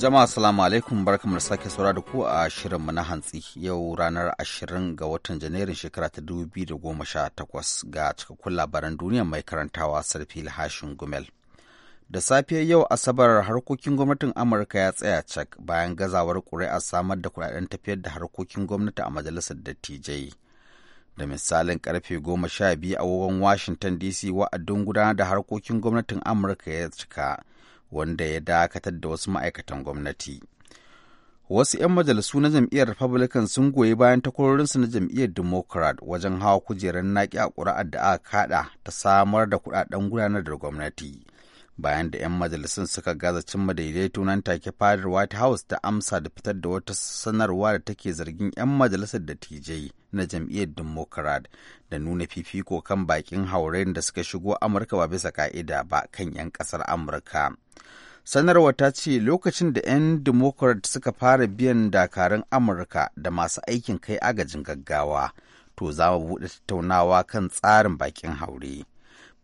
Jama'a salamu alaikum barkamu da sake saura da ku a shirinmu na hantsi yau ranar 20 ga watan Janairun shekara ta 2018 ga cikakkun labaran duniya mai karantawa sarfi Hashin Gumel. Da safiyar yau Asabar harkokin gwamnatin Amurka ya tsaya cak bayan gazawar ƙuri'a samar da kuɗaɗen tafiyar da harkokin gwamnati a majalisar dattijai. Da misalin karfe goma sha biyu a Washington DC wa'adin gudanar da harkokin gwamnatin Amurka ya cika. wanda ya dakatar da wasu ma'aikatan gwamnati. Wasu 'yan majalisu na jam'iyyar Republican sun goyi bayan takwarorinsu na jam'iyyar Democrat wajen hawa kujerar naƙi a ƙuri'ar da aka kaɗa ta samar da kuɗaɗen gudanar da gwamnati. bayan da 'yan majalisun suka gaza cimma daidaito nan take fadar white house ta amsa da fitar da wata sanarwa da take zargin 'yan majalisar da tj na jam'iyyar democrat da nuna fifiko kan bakin hauren da suka shigo amurka ba bisa ka'ida ba kan 'yan kasar amurka sanarwa ta ce lokacin da 'yan democrat suka fara biyan dakarun amurka da masu aikin kai agajin gaggawa to za mu buɗe tattaunawa kan tsarin bakin haure.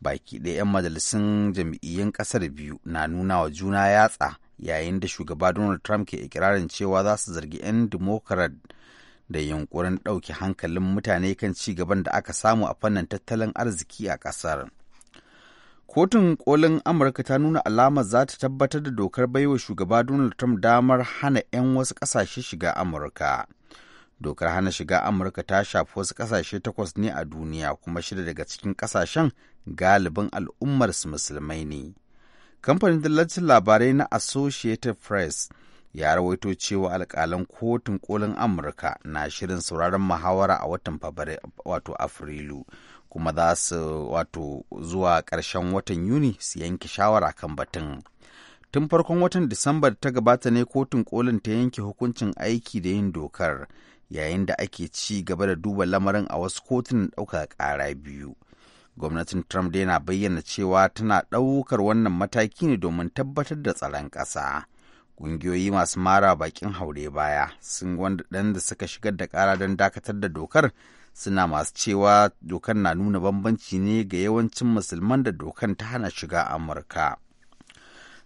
baki ɗaya 'yan majalisun jam'iyyun ƙasar biyu na nuna wa juna yatsa yayin da shugaba donald trump ke ikirarin cewa za su zargi 'yan democrat da yunkurin ɗauke hankalin mutane kan ci gaban da aka samu a fannin tattalin arziki a ƙasar. Kotun kolin Amurka ta nuna alamar za ta tabbatar da dokar baiwa shugaba Donald Trump damar hana 'yan wasu ƙasashe shiga Amurka. Dokar hana shiga Amurka ta shafi wasu ƙasashe takwas ne a duniya kuma shida daga cikin ƙasashen galibin al'ummarsu musulmai ne. Kamfanin dillacin labarai na Associated Press ya rawaito cewa alkalan kotun kolin Amurka na shirin sauraron muhawara a watan wato Afrilu, kuma za su wato zuwa karshen watan Yuni su yanke shawara kan batun. Tun farkon watan Disamba ta gabata ne kotun kolin ta yanke hukuncin aiki da yin dokar, yayin da ake ci gaba da duba lamarin a wasu kotunan ɗaukar ƙara biyu. gwamnatin trump dai na bayyana cewa tana ɗaukar wannan mataki ne domin tabbatar da tsaron ƙasa ƙungiyoyi masu mara bakin haure baya sun wanda ɗan da suka shigar da ƙara don dakatar da dokar suna masu cewa dokar na nuna bambanci ne ga yawancin musulman da dokar ta hana shiga amurka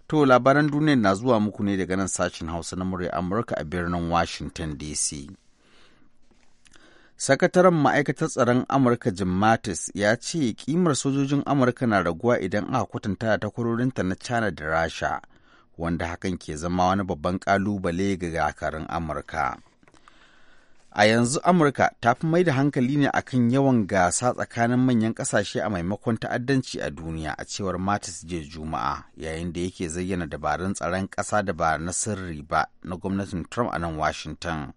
to labaran duniya na zuwa muku ne daga nan sashen hausa na murya amurka a birnin washington dc Sakataren ma'aikatar tsaron Amurka Jim Mattis ya ce kimar sojojin Amurka na raguwa idan aka kwatanta da takwarorinta na China da Rasha, wanda hakan ke zama wani babban ƙalubale ga gakarin Amurka. A yanzu Amurka ta fi mai da hankali ne akan yawan gasa tsakanin manyan ƙasashe a maimakon ta'addanci a duniya a cewar Mattis je Juma'a yayin da yake zayyana dabarun tsaron ƙasa da ba na sirri ba na gwamnatin Trump a nan Washington.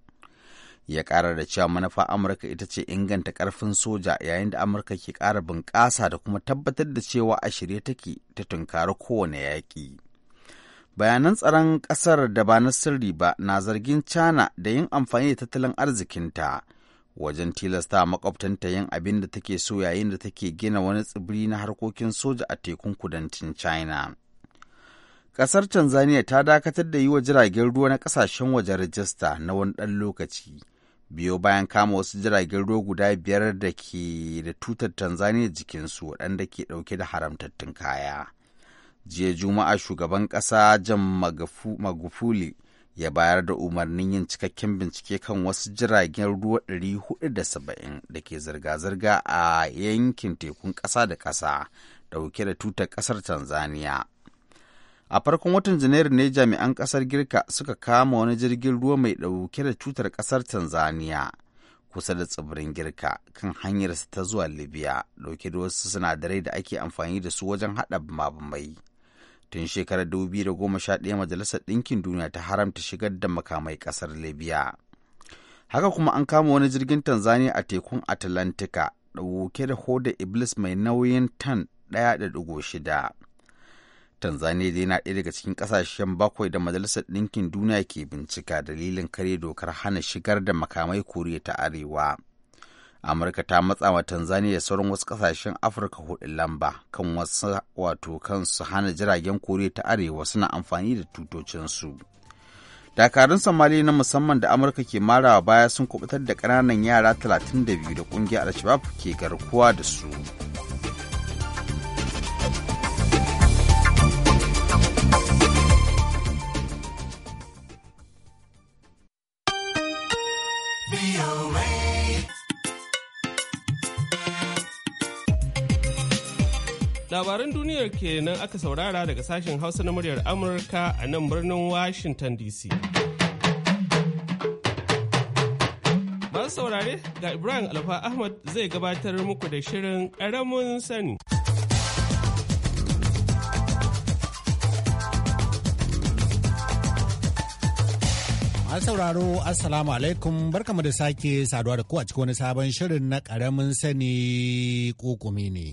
ya ƙara da cewa manufa amurka ita ce inganta ƙarfin soja yayin da amurka ke ƙara bunƙasa da kuma tabbatar da cewa a shirye take ta tunkari kowane yaƙi bayanan tsaron ƙasar da ba na sirri ba na zargin china da yin amfani da tattalin arzikinta wajen tilasta makwabtanta yin abin da take so yayin da take gina wani tsibiri na harkokin soja a tekun kudancin china ƙasar tanzania ta dakatar da yi wa jiragen ruwa na ƙasashen waje rajista na wani ɗan lokaci biyo bayan kama wasu jiragen ruwa guda biyar da ke da tutar tanzania jikinsu waɗanda ke ɗauke da haramtattun kaya jiya juma'a shugaban ƙasa jan magufuli ya bayar da umarnin yin cikakken bincike kan wasu jiragen ruwa 470 da ke zirga-zirga a yankin tekun ƙasa da ƙasa ɗauke da tutar ƙasar tanzania a farkon watan janairu ne jami'an kasar girka suka kama wani jirgin ruwa mai dauke da cutar kasar tanzania kusa da tsibirin girka kan hanyarsa ta zuwa libya dauke da wasu sinadarai da ake amfani da su wajen hada mabumai tun shekarar goma sha 2011 majalisar ɗinkin duniya ta haramta shigar da makamai kasar libya haka kuma an kama wani jirgin tanzania a tekun atlantika dauke da hoda iblis mai nauyin tan shida. tanzania dai na ɗaya daga cikin ƙasashen bakwai da majalisar ɗinkin duniya ke bincika dalilin kare dokar hana shigar da makamai koriya ta arewa amurka ta matsa wa tanzania da sauran wasu ƙasashen afirka hudu lamba kan wasu wato kansu hana jiragen koriya ta arewa suna amfani da tutocinsu dakarun somali na musamman da amurka ke marawa baya sun kubutar da ƙananan yara 32 da ƙungiyar al ke garkuwa da su kenan aka saurara daga sashen Hausa na muryar Amurka a nan birnin Washington DC. Masu saurare ga Ibrahim Alfa Ahmad zai gabatar muku da shirin ƙaramin sani. Masu sauraro Assalamu alaikum barkamu da sake saduwa da ku a cikin wani sabon shirin na karamin sani kokumi ne.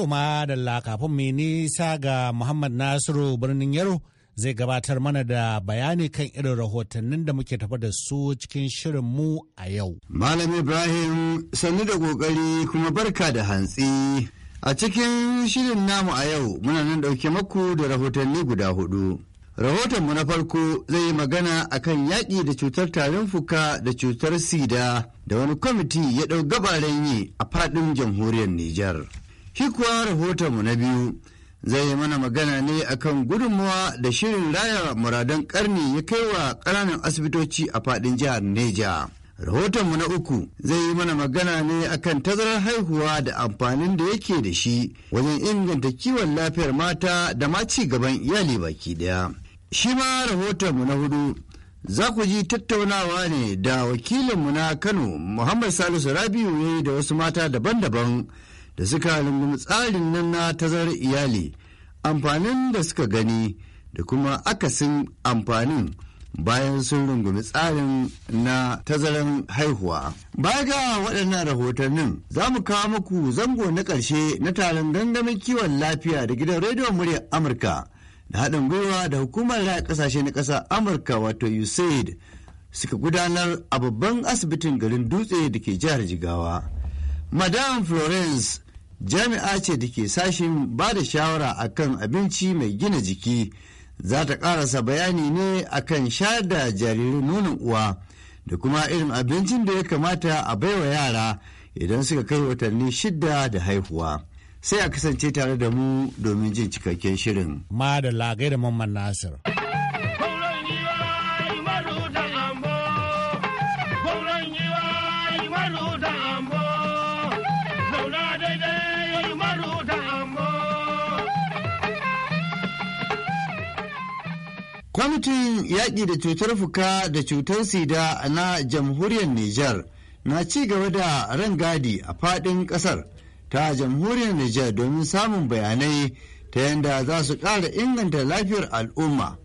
To ma da kafin mai nisa ga Muhammad Nasiru birnin Yaro zai gabatar mana da bayani kan irin rahotannin da muke tafa da su cikin shirin mu a yau. Malam Ibrahim sannu da kokari kuma barka da hantsi. A cikin shirin namu a yau muna nan ɗauke maku da rahotanni guda hudu. Rahotonmu na farko zai yi magana a kan yaƙi da cutar tarin fuka da cutar sida da wani kwamiti ya ɗau gabaren yi a faɗin jamhuriyar Nijar. Shi kuwa rahotonmu na biyu zai yi mana magana ne akan gudunmawa da shirin raya muradan karni ya kai wa ƙananan asibitoci a faɗin jihar Neja. Rahotonmu na uku zai yi mana magana ne akan tazarar haihuwa da amfanin da yake da shi wajen inganta kiwon lafiyar mata da ma ci gaban iyali baki daya Shi ma rahotonmu na hudu za ku ji tattaunawa ne da wakilinmu na Kano Muhammad Salisu Rabiu da wasu mata daban-daban da suka rungumi tsarin nan na tazarar iyali amfanin da suka gani da kuma akasin amfanin bayan sun rungumi tsarin na tazarar haihuwa. Baya ga waɗannan rahotannin za mu kawo muku zango na ƙarshe na taron gangamin kiwon lafiya da gidan rediyon muryar Amurka da haɗin gwiwa da hukumar raya ƙasashe na ƙasa Amurka wato USAID suka gudanar a babban asibitin garin dutse da ke jihar Jigawa. Madam Florence jami'a ce da ke sashin ba da shawara kan abinci mai gina jiki za ta karasa bayani ne a kan shayar da jaririn nonon uwa da kuma irin abincin da ya kamata a baiwa yara idan suka kai watanni shida da haihuwa sai a kasance tare da mu domin jin cikakken shirin ma da lagai da mamman nasir Kwamitin yaƙi da cutar fuka da cutar sida na jamhuriyar Nijar na ci gaba da rangadi a faɗin ƙasar ta jamhuriyar Nijar domin samun bayanai ta yadda za su ƙara inganta lafiyar al'umma.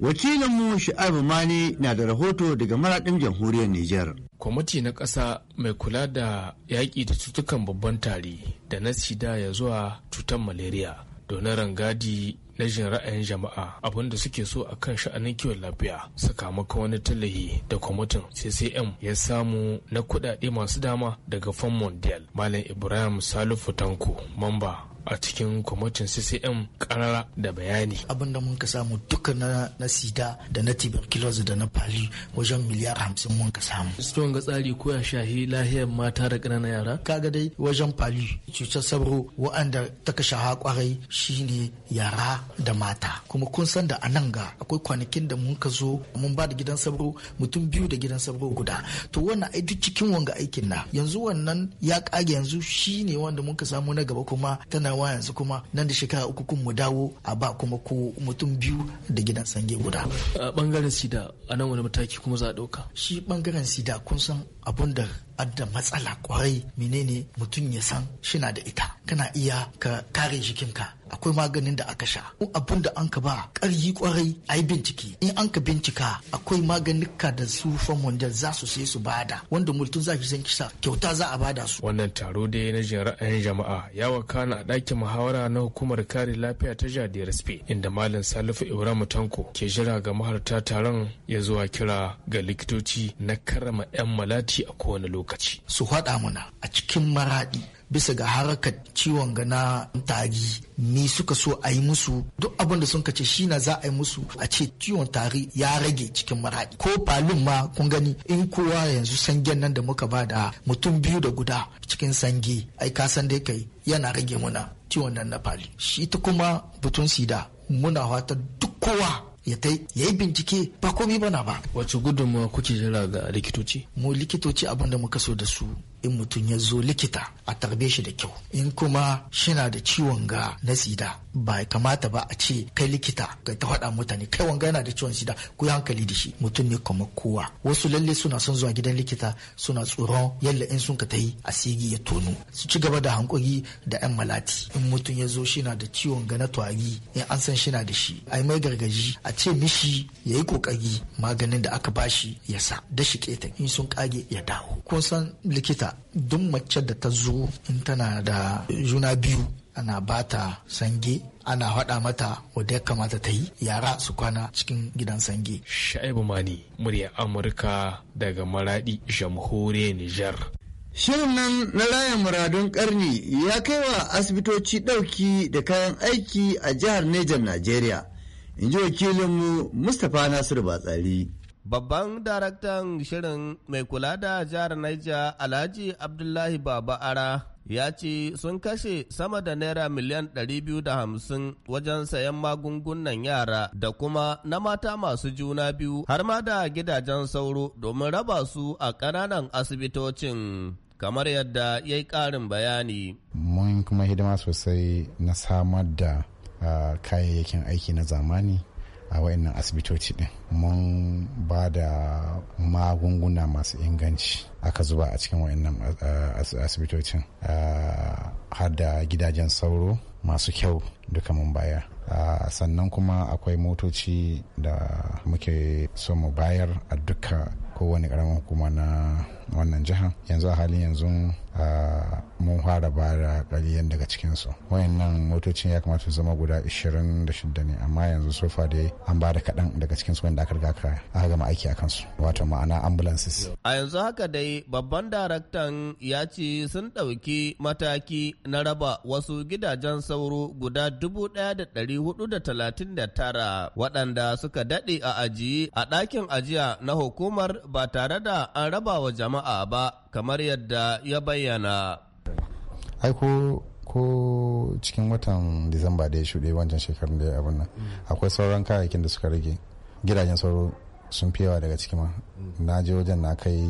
Wakilinmu Shu'aibu Mani na da rahoto daga maraɗin jamhuriyar Nijar. Kwamiti na ƙasa mai kula da yaƙi da cutukan babban tari da na sida ya zuwa cutar malaria. Donar rangadi rashin ra'ayin jama'a abin da suke so a kan sha'anin kiwon lafiya sakamakon wani tallahi da kwamitin ccm ya samu na kudade masu dama daga fan mondial malam ibrahim salifu tanko mamba a cikin kwamitin ccm karara da bayani abin da mun ka samu duka na, na sida da na tuberculosis da na pali wajen miliyar hamsin mun ka samu ciwon ga tsari ko ya shahi lahiyar mata da ƙananan yara kaga dai wajen pali cutar sabro wa'anda ta ka shaha kwarai shine yara da mata kuma kun san da anan ga akwai kwanakin da mun ka zo mun ba da gidan sabro mutum biyu da gidan sabro guda to wannan ai duk cikin wanga aikin na yanzu wannan ya kage yanzu shine wanda mun ka samu na gaba kuma tana tsayawa yanzu kuma nan da shekara uku kun mu dawo a ba kuma ko mutum biyu da gidan sange guda. A bangaren sida a nan wani mataki kuma za a ɗauka. Shi bangaren sida kun san abun da adda matsala kwarai menene mutum ya san shina da ita kana iya ka kare jikinka akwai maganin da aka sha abin da an ka ba ƙarfi kwarai a yi bincike in an ka bincika akwai maganika da su da za su sai su bada wanda mutum za ki san kisa kyauta za a bada su wannan taro dai na jin ra'ayin jama'a ya wakana a ɗakin muhawara na hukumar kare lafiya ta jadiyar spe inda malam salifu ibrahim tanko ke jira ga maharta taron ya zuwa kira ga likitoci na karrama 'yan malati a kowane lokaci lokaci su haɗa mana a cikin maraɗi bisa ga harkar ciwon gana tari ni suka so a yi musu duk abin da sun kace shi na za a yi musu a ce ciwon tari ya rage cikin maraɗi ko palin ma kun gani in kowa yanzu sangen nan da muka ba da mutum biyu da guda cikin sange ai ka san dai kai yana rage muna ciwon nan na fali shi ta kuma butun sida muna fata duk kowa ya ta ya yi bincike ba komi bana ba wace gudunmawa kuke jira ga likitoci mu likitoci abin da muka so da su in mutum ya zo likita a tarbe shi da kyau in kuma shina da ciwon ga na sida ba kamata ba a ce kai likita ka ta faɗa mutane kai wanga yana da ciwon sida ku hankali da shi mutum ne kuma kowa wasu lalle suna son zuwa gidan likita suna tsoron yalla in sun ka ta yi asigi ya tono. su ci gaba da hankuri da yan malati in mutum ya zo shina da ciwon ga na twari in an san shina da shi ai mai gargaji a ce mishi ya yi kokari maganin da aka bashi ya sa da shi keta in sun kage ya dawo kun san likita duk mace da ta zo in tana da juna biyu ana bata sange ana faɗa mata wadda ya kamata ta yi yara su kwana cikin gidan sange. Sha'ibu Mani, murya Amurka daga Maraɗi, Jamhuriyar Nijar. Shirin nan na rayan muradun karni ya kai wa asibitoci ɗauki da kayan aiki a jihar Nejan Najeriya, in ji wakilinmu Mustapha Nasiru Batsari. Babban daraktan shirin mai kula da jihar Niger Alhaji Abdullahi Baba Ara ya ce sun kashe sama da naira miliyan 250 wajen sayan magungunan yara da kuma na mata masu juna biyu har ma da gidajen sauro domin raba su a ƙananan asibitocin. kamar yadda ya yi ƙarin bayani. Mun kuma hidima sosai na samar da ah, kayayyakin aiki na zamani a wayannan asibitoci din mun ba da magunguna masu inganci aka zuba a cikin wayannan eh, asibitocin eh, har da gidajen sauro masu kyau duka mun baya eh, sannan kuma akwai motoci da muke so mu bayar a duka kowane karamin hukuma na wannan jiha yanzu a halin yanzu mun fara bara kaliyan daga cikinsu nan motocin ya kamata su zama guda 26 ne amma yanzu sofa dai an ba kaɗan daga cikinsu wanda aka riga aka gama aiki a kansu wato ma'ana ambulances a yanzu haka dai babban daraktan ya ce sun ɗauki mataki na raba wasu gidajen sauro guda 1439 waɗanda suka daɗe a ajiye a ɗakin ajiya na hukumar ba tare da an raba wa jama'a jama'a ba kamar yadda ya bayyana. Aiko ko cikin watan Disamba da ya shuɗe wancan shekarun da ya abin nan akwai sauran kayayyakin da suka rage gidajen sauro sun fi yawa daga ciki ma na je wajen na kai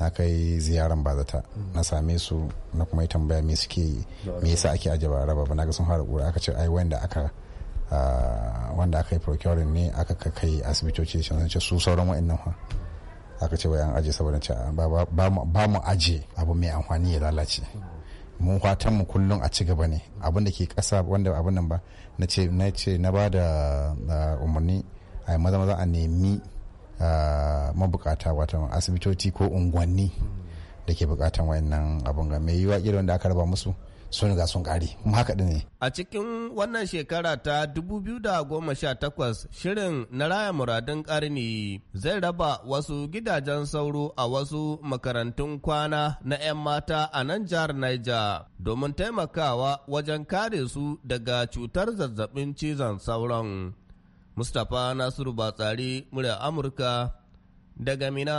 na kai ziyaran bazata na same su na kuma yi tambaya me suke yi me yasa ake aje ba raba ba na ga sun fara kura aka ce ai wanda aka ah, wanda aka yi procuring ne aka kai asibitoci sun ce su sauran wa'annan aka ce bayan aji saboda ah, ba mu aje abu mai amfani ya lalace mun fatan mu kullum a ci gaba ne abin da ke kasa wanda abin nan ba na ce na ce na ba da umarni a maza maza a nemi mabukata wata asibitoci ko unguwanni da ke bukatan nan abun ga mai yiwa irin da aka raba musu sun riga sun kare haka din ne a cikin wannan shekara ta 2018 shirin na raya muradun karni zai raba wasu gidajen sauro a wasu makarantun kwana na 'yan mata a nan jihar Niger domin taimakawa wajen kare su daga cutar zazzabin cizon sauron mustapha nasiru batsari murya amurka daga mina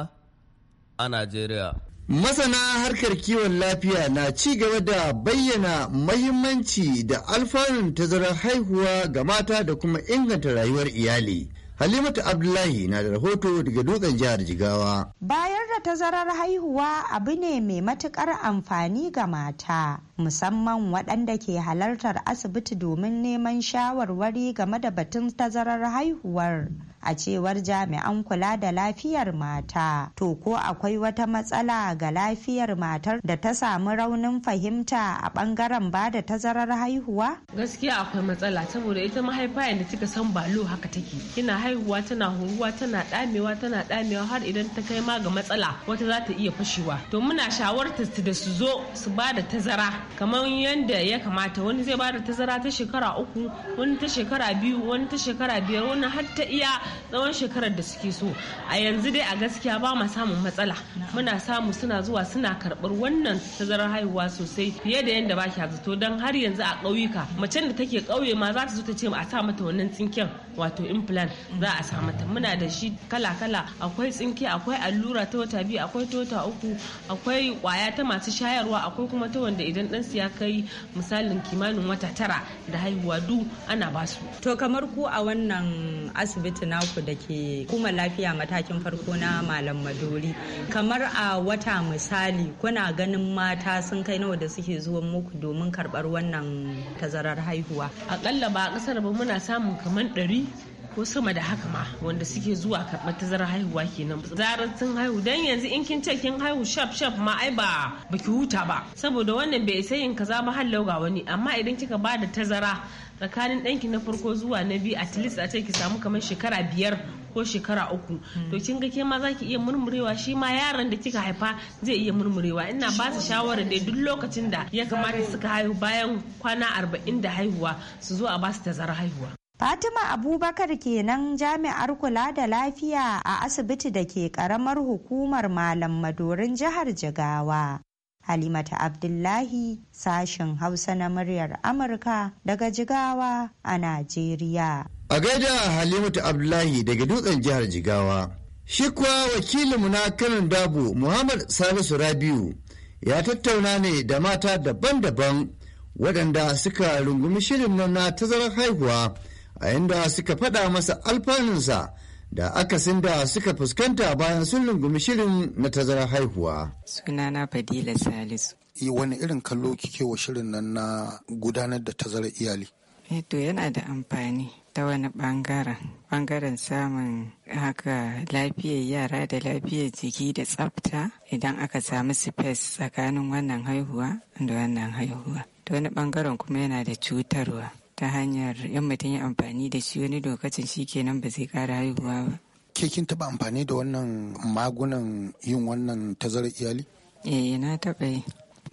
a najeriya Masana harkar kiwon lafiya na ci gaba da bayyana mahimmanci da alfanun tazarar haihuwa ga mata da kuma inganta rayuwar iyali. Halimatu Abdullahi na da rahoto daga dutsen jihar Jigawa. Bayar da tazarar haihuwa abu ne mai matukar amfani ga mata, musamman waɗanda ke halartar asibiti domin neman shawarwari game da batun tazarar haihuwar. a cewar jami'an kula da lafiyar mata to ko akwai wata matsala ga lafiyar matar da ta samu raunin fahimta a bangaren ba da tazarar haihuwa gaskiya akwai matsala saboda ita mahaifa yadda kika san balo haka take kina haihuwa tana huruwa tana damewa tana damewa har idan ta kai ma ga matsala wata za ta iya fashewa to muna shawartar da su zo su ba da tazara kamar yadda ya kamata wani zai ba da tazara ta shekara uku wani ta shekara biyu wani ta shekara biyar wani har ta iya tsawon shekarar da suke so a yanzu dai a gaskiya ba ma samun matsala muna samu suna zuwa suna karɓar wannan tazarar haihuwa sosai fiye da yadda ba kya zato don har yanzu a ƙauyuka macen da take ƙauye ma za ta zo ta ce a sa mata wannan tsinken wato implant za a sa mata muna da shi kala-kala akwai tsinke akwai allura ta wata biyu akwai ta uku akwai kwaya ta masu shayarwa akwai kuma ta wanda idan ɗansu ya kai misalin kimanin wata tara da haihuwa du ana basu to kamar ku a wannan asibiti na naku da ke kuma lafiya matakin farko na malam maduri kamar a wata misali kuna ganin mata sun kai nawa da suke zuwa muku domin karbar wannan tazarar haihuwa akalla ba a kasar ba muna samun kamar ɗari ko sama da haka ma wanda suke zuwa karɓar tazarar haihuwa kenan zarar sun haihu dan yanzu in kin ce kin haihu shaf shaf ma ai ba baki huta ba saboda wannan bai isa yin kaza ba har ga wani amma idan kika ba da tazara tsakanin ɗanki na farko zuwa na biyu at least a ce ki samu kamar shekara biyar ko shekara uku hmm. to kin ga ke ma za ki iya murmurewa shi ma yaran da kika haifa zai iya murmurewa ina ba su shawara dai duk lokacin da ya kamata suka haihu bayan kwana arba'in da haihuwa su zo a ba su tazara haihuwa Fatima Abubakar kenan jami'ar kula da lafiya a asibiti da ke karamar hukumar Malam Madorin jihar Jigawa. Halimata Abdullahi sashen Hausa na muryar Amurka daga Jigawa a Najeriya. A gaida Halimatu Abdullahi daga dutsen jihar Jigawa. Shi kuwa wakilinmu na kanin dabu Muhammad Salisu Rabiu ya tattauna ne da mata daban-daban waɗanda suka rungumi shirin na tazarar haihuwa a inda suka faɗa masa alfanunsa da akasin da suka fuskanta bayan sun lungumi shirin na tazarar haihuwa. Sunana Fadila Salisu. Eh, wani irin kallo kike wa shirin nan na gudanar da tazarar iyali? Eh, to yana da amfani ta wani bangaren bangaren samun haka lafiyar yara da lafiyar jiki da tsafta idan aka samu space tsakanin wannan haihuwa da wannan haihuwa ta wani bangaren kuma yana da cutarwa ta hanyar yan mutum ya amfani da shi wani lokacin shi kenan ba zai kara haihuwa ba. Ke kin taɓa amfani da wannan magunan yin wannan tazarar iyali? Eh na taɓa yi.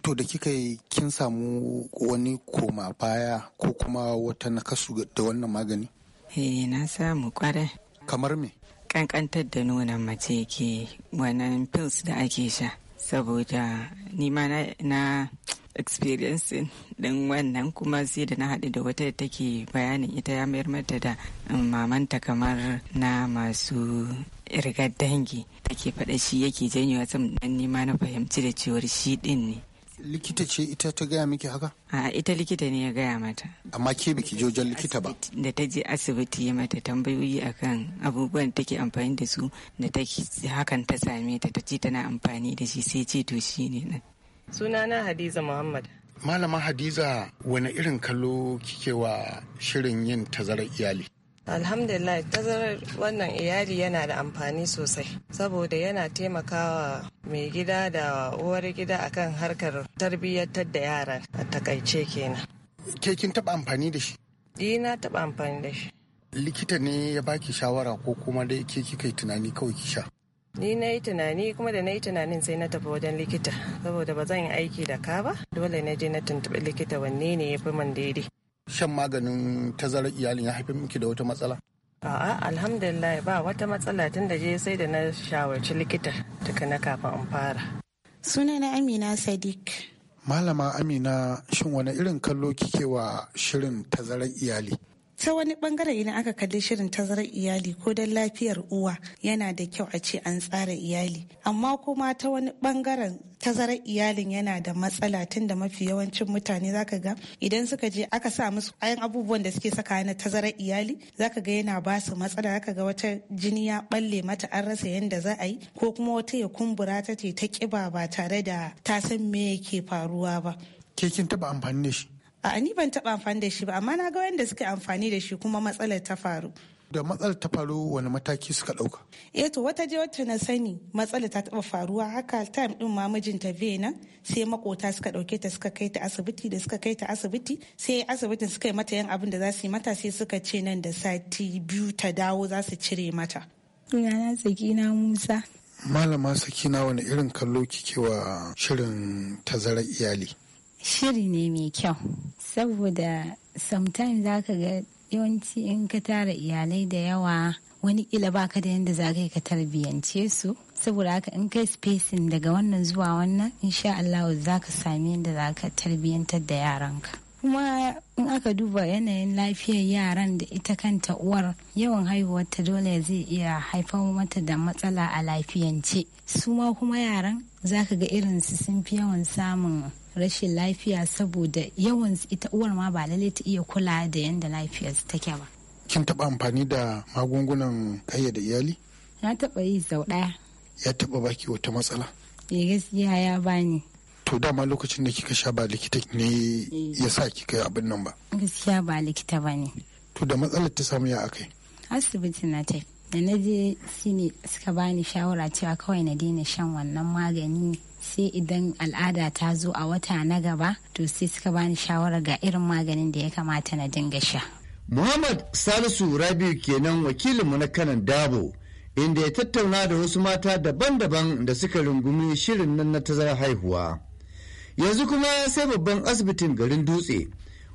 To da kika yi kin samu wani koma baya ko kuma wata nakasu da wannan magani? Eh na samu kwarai. Kamar me? Kankantar da nonon mace ke wannan pills da ake sha. saboda nima na experience din wannan kuma sai da na haɗu da wata da take bayanin ita ya mayar mata da um, mamanta kamar na masu rigar dangi take faɗa shi yake janyo wasan dan nima na fahimci da cewar shi ɗin ne likita ce ita ta gaya miki haka? A ita likita ne ya gaya mata. Amma ke biki je wajen likita ba? Da ta je asibiti ya mata tambayoyi akan abubuwan da take amfani da su da ta hakan ta same ta ta ce tana amfani da shi sai ce to shi ne nan. Sunana Hadiza Muhammad. Malama Hadiza wani irin kallo kike wa shirin yin tazarar iyali? alhamdulillah tazarar wannan iyali yana da amfani sosai saboda yana taimakawa mai gida da uwar gida akan harkar tarbiyyatar da yara a takaice kenan ke kin taba amfani da shi Dina e, na taba amfani da shi likita ne ya baki shawara ko kuma dai ke kika yi tunani kawai ki sha ni na yi tunani kuma da na yi tunanin sai na tafi wajen likita saboda ba zan yi aiki da ka ba dole na je na tuntuɓi likita wanne ne ya fi man daidai shan maganin tazarar iyalin ya haifar miki da wata matsala? A'a alhamdulillah ba wata matsala tun da je sai da na shawarci likita tuka na kafin in fara. Suna na Amina Sadiq. Malama Amina shin wani irin kallo kike wa shirin tazarar iyali? ta wani bangare idan aka kalli shirin tazarar iyali ko don lafiyar uwa yana da kyau a ce an tsara iyali amma kuma ta wani bangaren tazarar iyalin yana da matsala tun da mafi yawancin mutane zaka ga idan suka je aka sa musu ayan abubuwan da suke saka na tazarar iyali zaka ga yana ba su matsala zaka ga wata jini ya balle mata an rasa yadda za a yi ko kuma wata ya kumbura ta ce ta kiba ba tare da ta san me yake faruwa ba ke kin taba amfani da shi a ni ban taba amfani da shi ba amma na ga wanda suka amfani da shi kuma matsalar ta faru da matsalar ta faru wani mataki suka dauka eh to wata je wata na sani matsalar ta taba faruwa haka time din ma mijinta nan sai makota suka dauke ta suka kai ta asibiti da suka kai ta asibiti sai asibitin suka yi mata yan abin da za su yi mata sai suka ce nan da sati biyu ta dawo za su cire mata Yana na musa malama sakina wani irin kallo kike wa shirin tazarar iyali shiri ne mai kyau saboda sometimes za ka ga yawanci in ka tara iyalai da yawa wani kila baka da yadda za ka yi ka tarbiyyance su saboda haka in kai spacing daga wannan zuwa wannan insha Allah za ka sami yadda za ka tarbiyyantar da yaranka kuma in aka duba yanayin lafiyar yaran da ita kanta uwar yawan haihuwar ta dole zai iya haifar mata da matsala a lafiyance su ma kuma yaran za ka ga irinsu sun fi yawan samun rashin lafiya saboda yawan ita uwar ma ba lalle ta iya kula da yanda lafiyar take ba kin taba amfani da magungunan kayyade iyali na taba yi sau ɗaya. ya taba baki wata matsala Ya e, gaskiya ya bani to dama lokacin da kika sha ba likita ne e. ya sa kika yi abin nan ba gaskiya ba likita ba ne to da matsalar ta samu ya akai asibiti na tafi da na je shine suka bani shawara cewa kawai na daina shan wannan magani sai idan al'ada ta zo a wata na gaba to sai suka bani shawara ga irin maganin da ya kamata na dinga sha. Muhammad Salisu Rabiu kenan wakilinmu na kanan Dabo inda ya tattauna da wasu mata daban-daban da suka rungumi shirin nan na tazarar haihuwa. Yanzu kuma ya sai babban asibitin garin dutse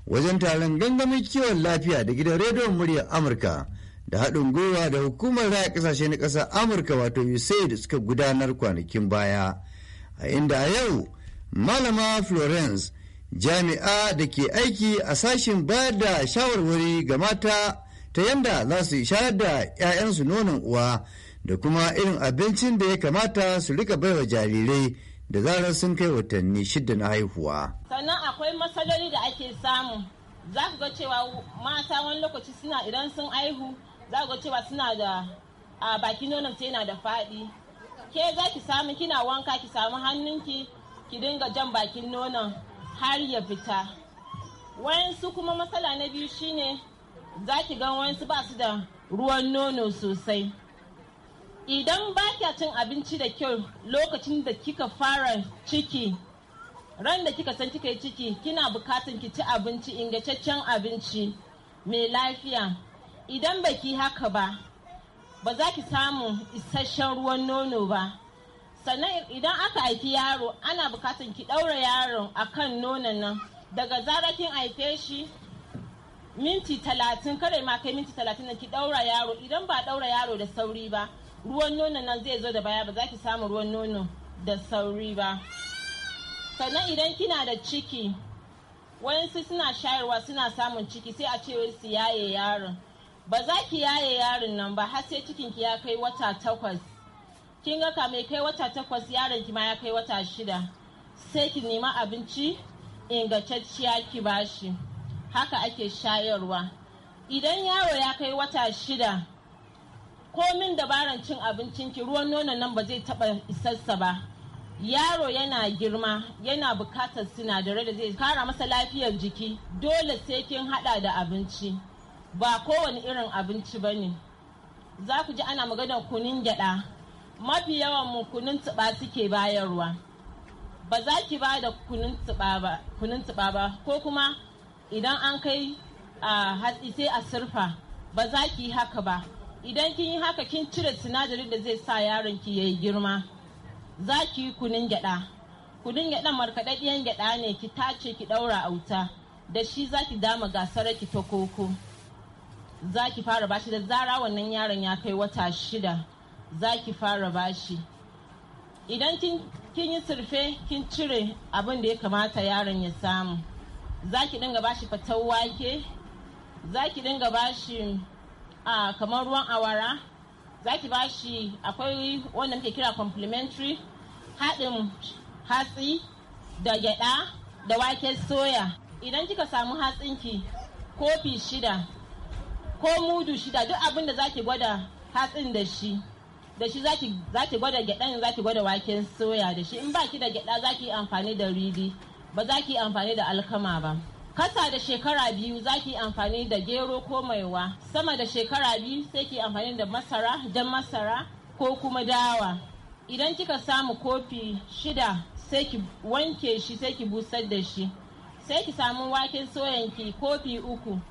wajen taron gangamin kiwon lafiya da gidan rediyon muryar Amurka. da haɗin gwiwa da hukumar raya ƙasashe na ƙasa amurka wato usaid suka gudanar kwanakin baya a inda a yau malama florence jami'a da ke aiki a sashen bayar da shawarwari ga mata ta yanda za su shayar da 'ya'yansu nonon uwa da kuma irin abincin da ya kamata su rika baiwa jarirai da zarar sun kai watanni shida na haihuwa. sannan akwai matsaloli da ake samu za ku ga cewa mata wani lokaci suna idan sun haihu za ku ga cewa suna da a baki nonon sai yana da faɗi ke za ki samu kina wanka ki samu hannunki ki dinga jan bakin nonon har ya fita wayansu kuma matsala na biyu shine za ki ga wayansu ba su da ruwan nono sosai idan ba cin abinci da kyau lokacin da kika fara ciki ran da kika san kika yi ciki kina bukatan ki ci abinci ingantaccen abinci mai lafiya idan baki haka ba ba za ki samu isasshen ruwan nono ba sannan idan aka haifi yaro ana bukatar ki ɗaura yaron a kan nonon nan daga zarar kin shi minti talatin kare ma kai minti talatin ki ɗaura yaro idan ba ɗaura yaro da sauri ba ruwan nonon nan zai zo da baya ba za ki samu ruwan nono da sauri ba sannan idan kina da ciki wayansu suna shayarwa suna samun ciki sai a ce su yaye yaron ba za ki yaye yarin nan ba har sai cikin ki ya kai wata takwas kin ga ka mai kai wata takwas yaron ki ma ya kai wata shida sai ki nema abinci ingantacciya ki bashi haka ake shayarwa idan yaro ya kai wata shida ko min dabaran cin abincin ki ruwan nono nan ba zai taba isassa ba yaro yana girma yana bukatar sinadarai da zai kara masa lafiyar jiki dole sai kin hada da abinci ba kowane irin abinci ba ne za ku ji ana maganar kunin gyada mafi yawan mu kunun tuba suke bayarwa ba za ki ba da kunun tuba ba ko kuma idan an kai a hatsi sai a surfa ba za ki yi haka ba idan kin yi haka kin cire sinadarin da zai sa yaron ki yayi girma za ki yi kunun gyada kunun gyada markaɗaɗɗiyan gyada ne ki tace ki ɗaura a wuta da shi za ki dama gasar ki ta koko za ki fara bashi da zara wannan yaron ya kai wata shida za ki fara bashi idan kin yi surfe kin cire abin da ya kamata yaron ya samu za ki dinga bashi fatan wake za ki dinga bashi a kamar ruwan awara za ki bashi akwai wanda muke kira complimentary haɗin hatsi da gyaɗa da wake soya idan kika samu hatsinki kofi shida ko mudu shida duk abin da zaki gwada hatsin da shi da shi zaki zaki gwada gyaɗan zaki gwada waken soya da shi in baki da gyaɗa zaki amfani da ridi ba zaki amfani da alkama ba kasa da shekara biyu zaki yi amfani da gero ko maiwa sama da shekara biyu sai ki amfani da masara jan masara ko kuma dawa idan kika samu kofi shida sai ki wanke shi sai ki busar da shi sai ki samu waken soyanki kofi uku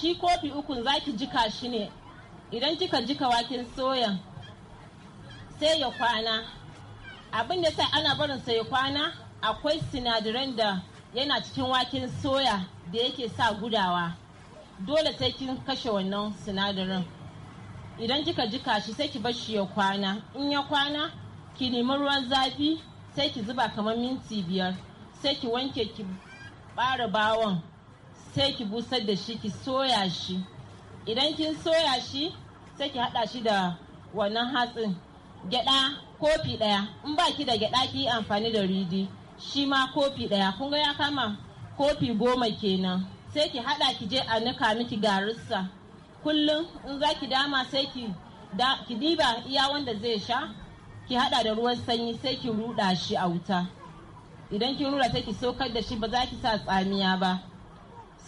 shi kofi ukun ki jika shi ne idan kika jika waken soyan sai ya kwana abin da sai ana barin sai ya kwana akwai sinadaran da yana cikin waken soya da yake sa gudawa dole sai kin kashe wannan sinadarin idan kika jika shi sai ki bar shi ya kwana in ya kwana ki nemi ruwan zafi sai ki zuba kamar minti biyar sai ki wanke ki bara bawon sai ki busar da shi ki soya shi idan kin soya shi sai ki hada shi da wannan hatsin gyada kofi daya in ba ki da gyada ki amfani da ridi shi ma kofi daya kun ga ya kama kofi goma kenan sai ki hada ki je a nika miki garissa kullum in za ki dama sai ki diba iya wanda zai sha ki hada da ruwan sanyi sai ki ruda shi a wuta idan kin ruda sai ki sokar da shi ba za ki sa tsamiya ba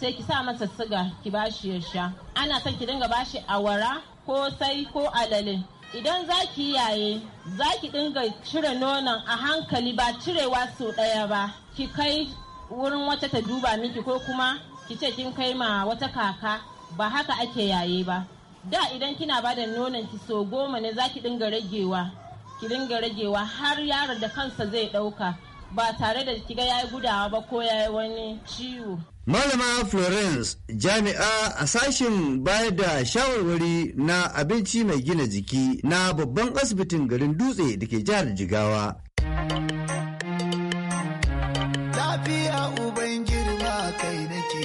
sai ki sa masa siga ki bashi ya sha ana son ki dinga bashi awara ko sai ko alale idan za ki yaye za ki dinga cire nonon a hankali ba cirewa sau ɗaya ba ki kai wurin wata ta duba miki ko kuma ki ce kin kai ma wata kaka ba haka ake yaye ba da idan kina ba da nonon ki so goma ne za ki dinga ragewa ki dinga ragewa har yaron da kansa zai ɗauka ba tare da kiga ya yi gudawa ba ko ya yi wani ciwo Malama Florence jami'a a sashen bayar da shawarwari na abinci mai gina jiki na babban asibitin garin dutse da ke jihar Jigawa. Lafiya uban girma kai nake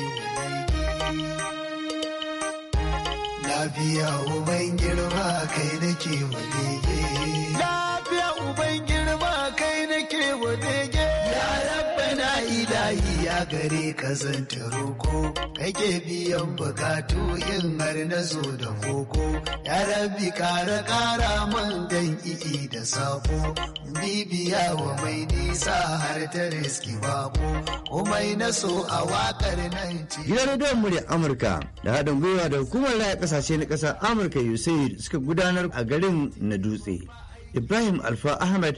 Lafiya uban girma kai nake ya gare ka zanta roko kake biyan bukatu yin har na zo da koko ya rabi kara kara man dan i'i da sako bibiya wa mai nisa har ta riski bako komai na so a wakar nan ce gidan rediyon murya amurka da haɗin gwiwa da hukumar raya ƙasashe na ƙasar amurka usaid suka gudanar a garin na dutse ibrahim alfa ahmed